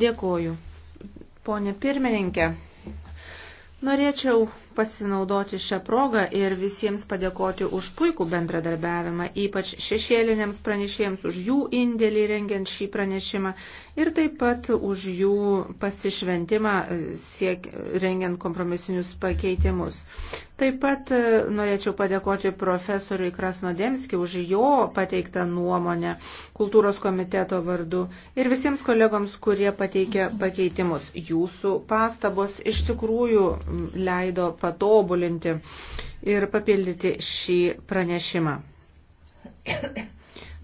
Dėkoju. Pone pirmininkė, norėčiau pasinaudoti šią progą ir visiems padėkoti už puikų bendradarbiavimą, ypač šešėliniams pranešėjams už jų indėlį rengiant šį pranešimą ir taip pat už jų pasišventimą siek, rengiant kompromisinius pakeitimus. Taip pat e, norėčiau padėkoti profesoriui Krasnodemskiu už jo pateiktą nuomonę kultūros komiteto vardu ir visiems kolegoms, kurie pateikė pakeitimus. Jūsų pastabos iš tikrųjų leido patobulinti ir papildyti šį pranešimą.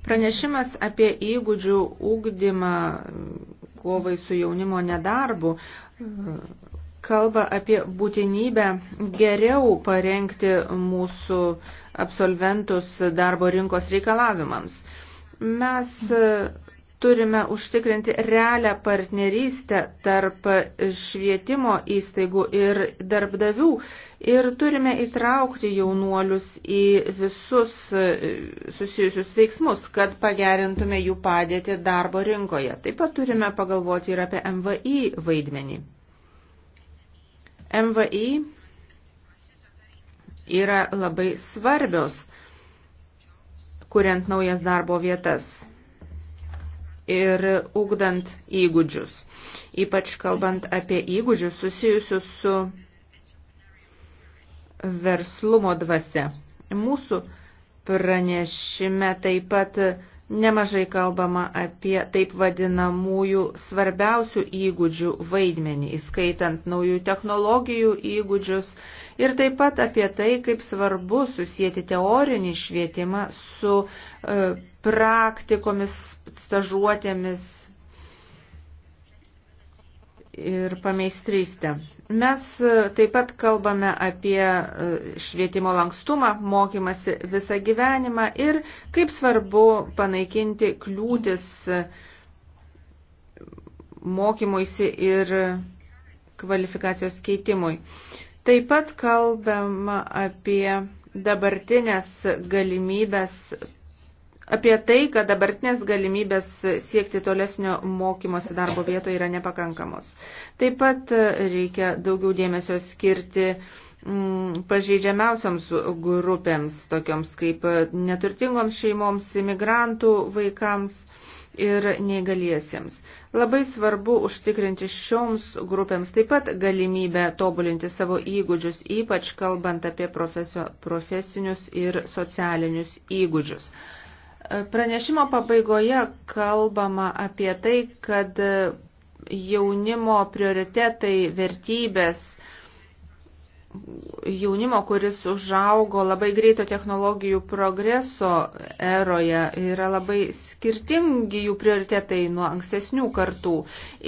Pranešimas apie įgūdžių ūkdymą kovai su jaunimo nedarbu kalba apie būtinybę geriau parengti mūsų absolventus darbo rinkos reikalavimams. Mes e, turime užtikrinti realią partnerystę tarp švietimo įstaigų ir darbdavių ir turime įtraukti jaunuolius į visus e, susijusius veiksmus, kad pagerintume jų padėtį darbo rinkoje. Taip pat turime pagalvoti ir apie MVI vaidmenį. MVI yra labai svarbios, kuriant naujas darbo vietas ir ugdant įgūdžius. Ypač kalbant apie įgūdžius susijusius su verslumo dvasia. Mūsų pranešime taip pat Nemažai kalbama apie taip vadinamųjų svarbiausių įgūdžių vaidmenį, įskaitant naujų technologijų įgūdžius ir taip pat apie tai, kaip svarbu susijęti teorinį švietimą su e, praktikomis, stažuotėmis ir pameistrystę. Mes e, taip pat kalbame apie e, švietimo lankstumą, mokymasi visą gyvenimą ir kaip svarbu panaikinti kliūtis e, mokymuisi ir kvalifikacijos keitimui. Taip pat kalbama apie dabartinės galimybės apie tai, kad dabartinės galimybės siekti tolesnio mokymosi darbo vietoje yra nepakankamos. Taip pat reikia daugiau dėmesio skirti mm, pažeidžiamiausioms grupėms, tokioms kaip neturtingoms šeimoms, imigrantų vaikams ir neįgaliesiems. Labai svarbu užtikrinti šioms grupėms taip pat galimybę tobulinti savo įgūdžius, ypač kalbant apie profesio, profesinius ir socialinius įgūdžius. Pranešimo pabaigoje kalbama apie tai, kad jaunimo prioritetai, vertybės jaunimo, kuris užaugo labai greito technologijų progreso eroje, yra labai skirtingi jų prioritetai nuo ankstesnių kartų.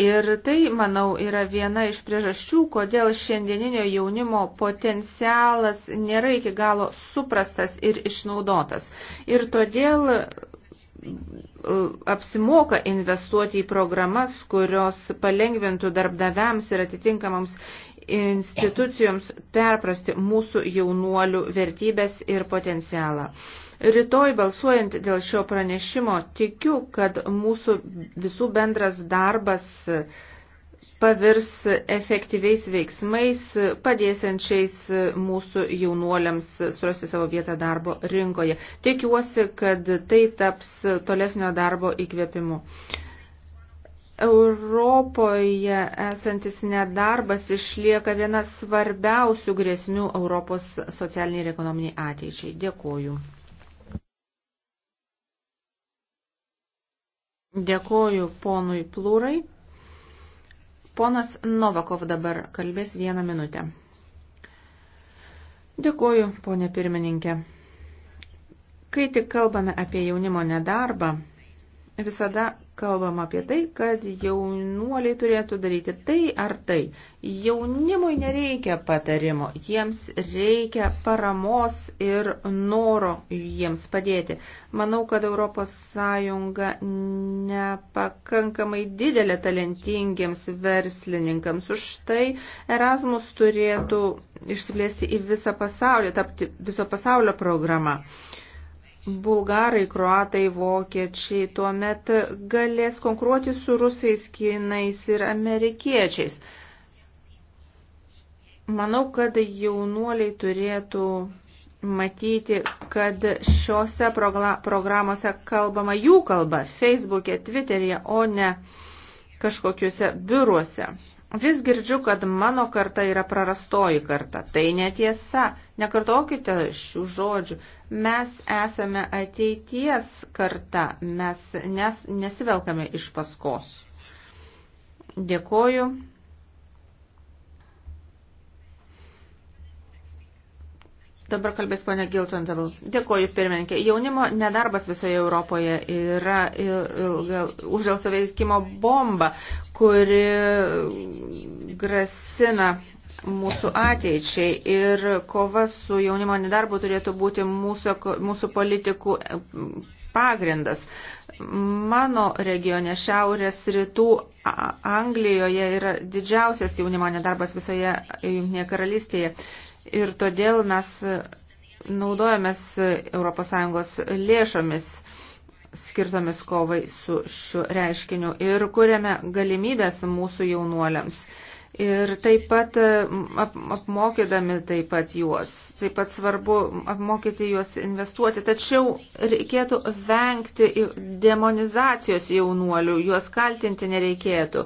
Ir tai, manau, yra viena iš priežasčių, kodėl šiandieninio jaunimo potencialas nėra iki galo suprastas ir išnaudotas. Ir todėl e, apsimoka investuoti į programas, kurios palengvintų darbdaviams ir atitinkamams institucijoms perprasti mūsų jaunuolių vertybės ir potencialą. Rytoj balsuojant dėl šio pranešimo, tikiu, kad mūsų visų bendras darbas pavirs efektyviais veiksmais, padėsiančiais mūsų jaunuoliams surasti savo vietą darbo rinkoje. Tikiuosi, kad tai taps tolesnio darbo įkvėpimu. Europoje esantis nedarbas išlieka viena svarbiausių grėsmių Europos socialiniai ir ekonominiai ateičiai. Dėkoju. Dėkoju ponui Plūrai. Ponas Novakov dabar kalbės vieną minutę. Dėkoju, ponė pirmininkė. Kai tik kalbame apie jaunimo nedarbą, visada kalbam apie tai, kad jaunuoliai turėtų daryti tai ar tai. Jaunimui nereikia patarimo, jiems reikia paramos ir noro jiems padėti. Manau, kad ES nepakankamai didelė talentingiems verslininkams. Už tai Erasmus turėtų išsiplėsti į visą pasaulį, tapti viso pasaulio programą. Uh, bulgarai, kruatai, vokiečiai tuo met galės konkuruoti su rusais, kinais ir amerikiečiais. Manau, kad jaunuoliai turėtų matyti, kad šiuose programuose kalbama jų kalba Facebook'e, Twitter'e, o ne kažkokiuose biuruose. Vis girdžiu, kad mano karta yra prarastoji karta. Tai netiesa. Nekartokite šių žodžių. Mes esame ateities karta, mes nes, nesivelkame iš paskos. Dėkoju. Dabar kalbės ponia Giltondabl. Dėkoju, pirmininkė. Jaunimo nedarbas visoje Europoje yra uždėlsio veikimo bomba, kuri grasina mūsų ateičiai ir kova su jaunimo nedarbu turėtų būti mūsų, mūsų politikų pagrindas. Mano regione Šiaurės rytų Anglijoje yra didžiausias jaunimo nedarbas visoje Junktinėje karalystėje ir todėl mes naudojamės ES lėšomis skirtomis kovai su šiuo reiškiniu ir kuriame galimybės mūsų jaunuoliams ir taip pat ap, apmokydami taip pat juos. Taip pat svarbu apmokyti juos investuoti, tačiau reikėtų vengti demonizacijos jaunuolių, juos kaltinti nereikėtų.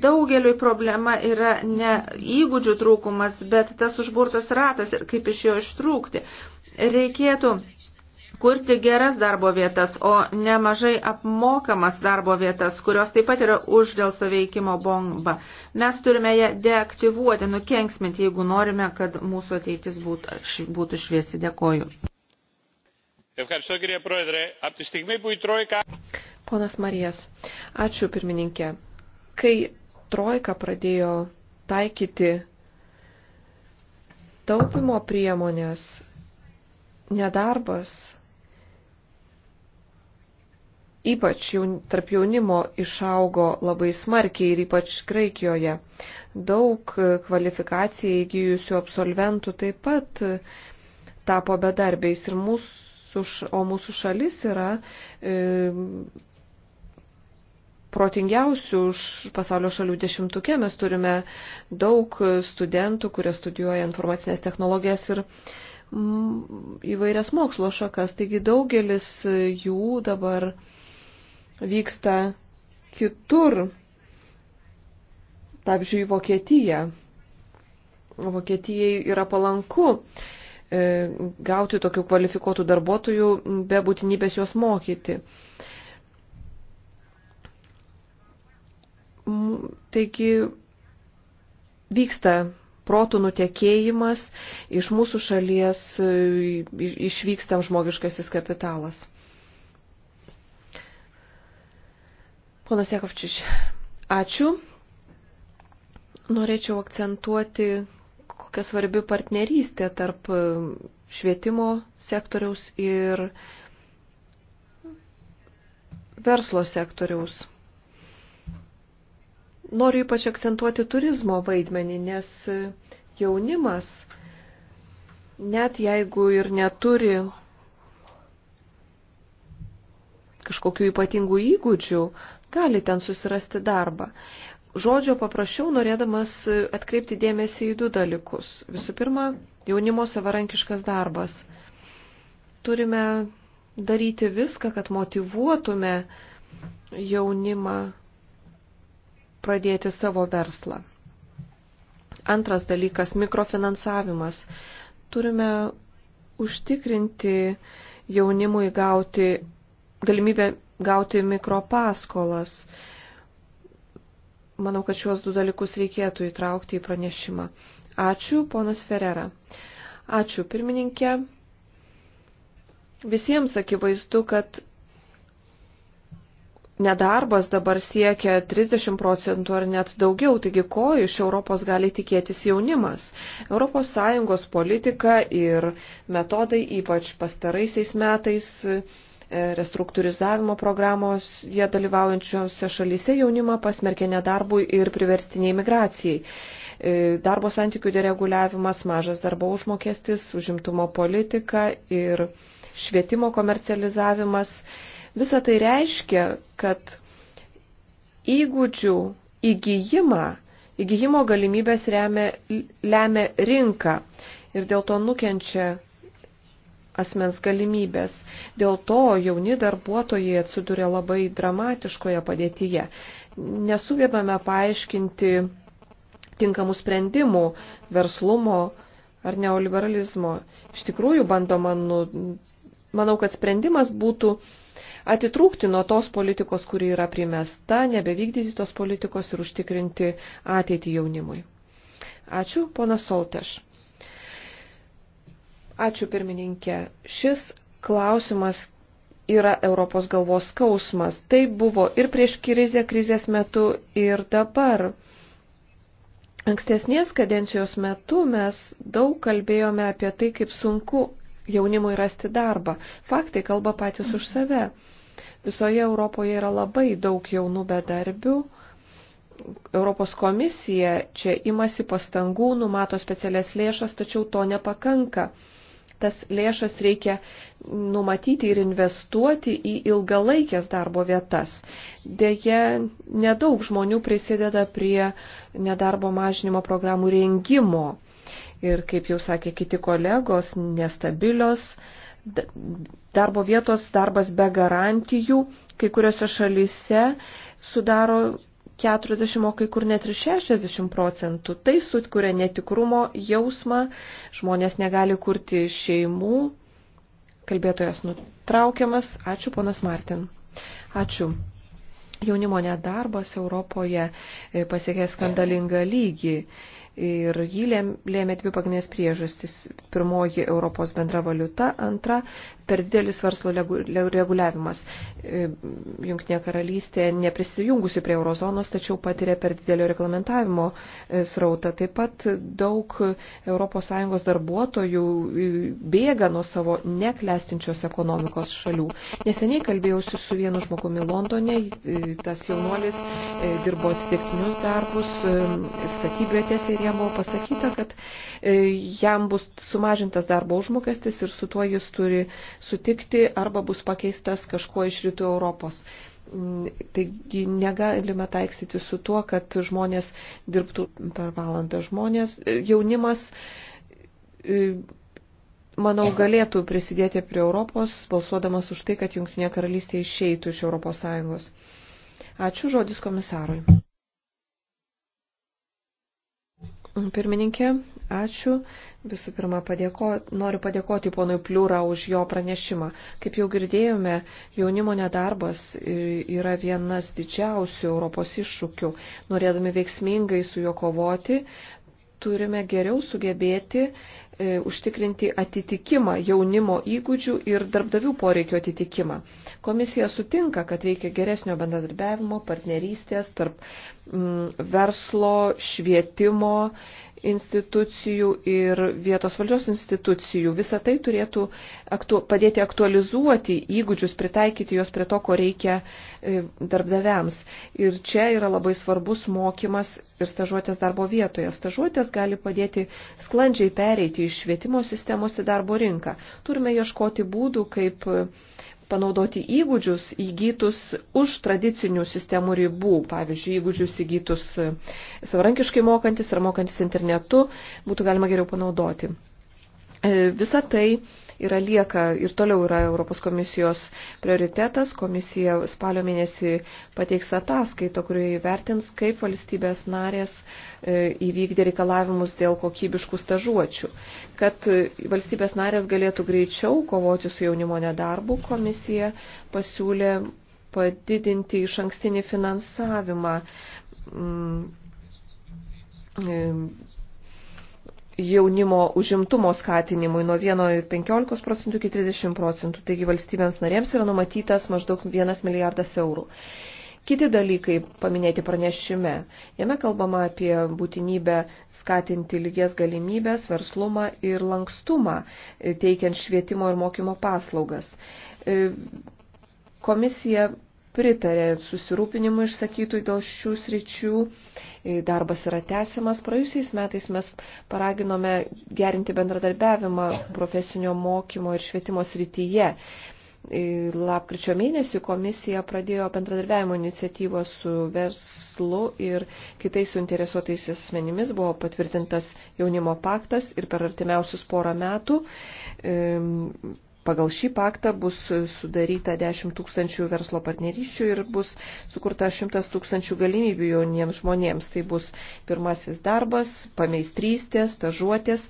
Daugeliui problema yra ne įgūdžių trūkumas, bet tas užburtas ratas ir kaip iš jo ištrūkti. Reikėtų kurti geras darbo vietas, o nemažai apmokamas darbo vietas, kurios taip pat yra uždelso veikimo bomba. Mes turime ją deaktyvuoti, nukenksminti, jeigu norime, kad mūsų ateitis būtų, būtų šviesi. Dėkoju. Ponas Marijas, ačiū pirmininkė. Kai Trojka pradėjo taikyti taupimo priemonės, nedarbas ypač jaun, tarp jaunimo išaugo labai smarkiai ir ypač Graikijoje. Daug kvalifikaciją įgyjusių absolventų taip pat tapo bedarbiais ir mūsų, o mūsų šalis yra e, protingiausių pasaulio šalių dešimtuke. Mes turime daug studentų, kurie studijuoja informacinės technologijas ir įvairias mokslo šakas. Taigi daugelis jų dabar vyksta kitur, pavyzdžiui, Vokietija. Vokietijai yra palanku e, gauti tokių kvalifikuotų darbuotojų be būtinybės juos mokyti. Taigi vyksta protų nutekėjimas, iš mūsų šalies e, išvykstam žmogiškasis kapitalas. Ponas Jakovčiš, ačiū. Norėčiau akcentuoti, kokia svarbi partnerystė tarp e, švietimo sektoriaus ir verslo sektoriaus. Noriu ypač akcentuoti turizmo vaidmenį, nes e, jaunimas, net jeigu ir neturi kažkokių ypatingų įgūdžių, gali ten susirasti darbą. Žodžio paprašiau, norėdamas atkreipti dėmesį į du dalykus. Visų pirma, jaunimo savarankiškas darbas. Turime daryti viską, kad motivuotume jaunimą pradėti savo verslą. Antras dalykas - mikrofinansavimas. Turime užtikrinti jaunimui gauti galimybę gauti mikropaskolas. Manau, kad šiuos du dalykus reikėtų įtraukti į pranešimą. Ačiū, ponas Ferrera. Ačiū, pirmininkė. Visiems akivaizdu, kad nedarbas dabar siekia 30 procentų ar net daugiau, taigi ko iš Europos gali tikėtis jaunimas. ES politika ir metodai ypač pastaraisiais metais E, restruktūrizavimo programos jie dalyvaujančiose šalyse jaunimą pasmerkė nedarbui ir priverstiniai migracijai. E, darbo santykių dereguliavimas, mažas darbo užmokestis, užimtumo politika ir švietimo komercializavimas. Visa tai reiškia, kad įgūdžių įgyjimą, įgyjimo galimybės remia, lemia rinka ir dėl to nukenčia asmens galimybės. Dėl to jauni darbuotojai atsiduria labai dramatiškoje padėtyje. Nesugebame paaiškinti tinkamų sprendimų verslumo ar neoliberalizmo. Iš tikrųjų bandoma, nu, manau, kad sprendimas būtų atitrūkti nuo tos politikos, kuri yra primesta, nebevykdyti tos politikos ir užtikrinti ateitį jaunimui. Ačiū, ponas Solteš. Ačiū pirmininkė. Šis klausimas yra Europos galvos skausmas. Tai buvo ir prieš krizę krizės metu, ir dabar. Ankstesnės kadencijos metu mes daug kalbėjome apie tai, kaip sunku jaunimui rasti darbą. Faktai kalba patys už save. Visoje Europoje yra labai daug jaunų bedarbių. Europos komisija čia imasi pastangų, numato specialias lėšas, tačiau to nepakanka tas lėšas reikia numatyti ir investuoti į ilgalaikės darbo vietas. Deja, nedaug žmonių prisideda prie nedarbo mažinimo programų rengimo. Ir kaip jau sakė kiti kolegos, nestabilios darbo vietos, darbas be garantijų, kai kuriuose šalyse sudaro 40, o kai kur net ir 60 procentų. Tai sutkuria netikrumo jausmą, žmonės negali kurti šeimų. Kalbėtojas nutraukiamas. Ačiū, ponas Martin. Ačiū. Jaunimo nedarbas Europoje e, pasiekė skandalingą lygį ir jį lėmė dvi pagrindinės priežastys. Pirmoji Europos bendra valiuta, antra per didelis verslo reguliavimas. E, Junktinė karalystė neprisijungusi prie eurozonos, tačiau patiria per didelio reglamentavimo e, srautą. Taip pat daug ES darbuotojų e, bėga nuo savo neklestinčios ekonomikos šalių. Neseniai kalbėjausi su vienu žmogumi Londone, tas jaunuolis dirbo atsitiktinius darbus statybvietėse ir jam buvo pasakyta, kad jam bus sumažintas darbo užmokestis ir su tuo jis turi sutikti arba bus pakeistas kažkuo iš rytų Europos. Mm, taigi negalime taiksyti su tuo, kad žmonės dirbtų per valandą. Žmonės, jaunimas, e, manau, galėtų prisidėti prie Europos, balsuodamas už tai, kad Junktinė karalystė išeitų iš Europos Sąjungos. Ačiū žodis komisarui. Pirmininkė, ačiū. Visų pirma, padėko, noriu padėkoti ponui Pliūrą už jo pranešimą. Kaip jau girdėjome, jaunimo nedarbas yra vienas didžiausių Europos iššūkių. Norėdami veiksmingai su juo kovoti, turime geriau sugebėti E, užtikrinti atitikimą jaunimo įgūdžių ir darbdavių poreikio atitikimą. Komisija sutinka, kad reikia geresnio bendradarbiavimo, partnerystės tarp mm, verslo, švietimo institucijų ir vietos valdžios institucijų. Visą tai turėtų aktu, padėti aktualizuoti įgūdžius, pritaikyti juos prie to, ko reikia e, darbdaviams. Ir čia yra labai svarbus mokymas ir stažuotės darbo vietoje. Stažuotės gali padėti sklandžiai pereiti pokyčiai iš švietimo sistemos į darbo rinką. Turime ieškoti būdų, kaip panaudoti įgūdžius įgytus už tradicinių sistemų ribų, pavyzdžiui, įgūdžius įgytus savarankiškai mokantis ar mokantis internetu, būtų galima geriau panaudoti. E, visa tai yra lieka ir toliau yra Europos komisijos prioritetas. Komisija spalio mėnesį pateiks ataskaitą, kurioje įvertins, kaip valstybės narės e, įvykdė reikalavimus dėl kokybiškų stažuočių. Kad valstybės narės galėtų greičiau kovoti su jaunimo nedarbu, komisija pasiūlė padidinti iš ankstinį finansavimą mm, e, jaunimo užimtumo skatinimui nuo 1,15 procentų iki 30 procentų, taigi valstybėms narėms yra numatytas maždaug 1 milijardas eurų. Kiti dalykai paminėti pranešime. Jame kalbama apie būtinybę skatinti lygias galimybės, verslumą ir lankstumą, e, teikiant švietimo ir mokymo paslaugas. E, komisija pritarė susirūpinimu išsakytų dėl šių sričių. E, darbas yra tęsiamas. Praėjusiais metais mes paraginome gerinti bendradarbiavimą profesinio mokymo ir švietimo srityje. E, lapkričio mėnesį komisija pradėjo bendradarbiavimo iniciatyvą su verslu ir kitais suinteresuotais asmenimis buvo patvirtintas jaunimo paktas ir per artimiausius porą metų e, Pagal šį paktą bus sudaryta 10 tūkstančių verslo partnerysčių ir bus sukurta 100 tūkstančių galimybių jauniems žmonėms. Tai bus pirmasis darbas, pameistrystės, stažuotės.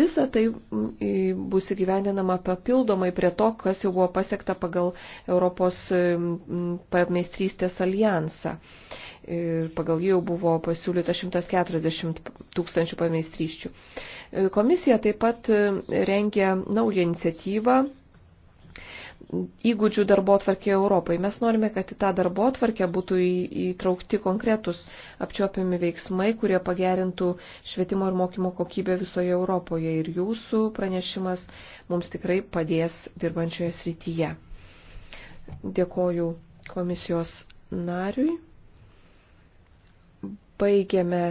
Visa tai mm, bus įgyvendinama papildomai prie to, kas jau buvo pasiekta pagal Europos mm, pameistrystės alijansą. Ir pagal jį jau buvo pasiūlyta 140 tūkstančių pameistrysčių. Komisija taip pat mm, rengia naują iniciatyvą įgūdžių darbo atvarkė Europai. Mes norime, kad į tą darbo atvarkę būtų įtraukti konkretus apčiopiami veiksmai, kurie pagerintų švietimo ir mokymo kokybę visoje Europoje. Ir jūsų pranešimas mums tikrai padės dirbančioje srityje. Dėkoju komisijos nariui. Baigiame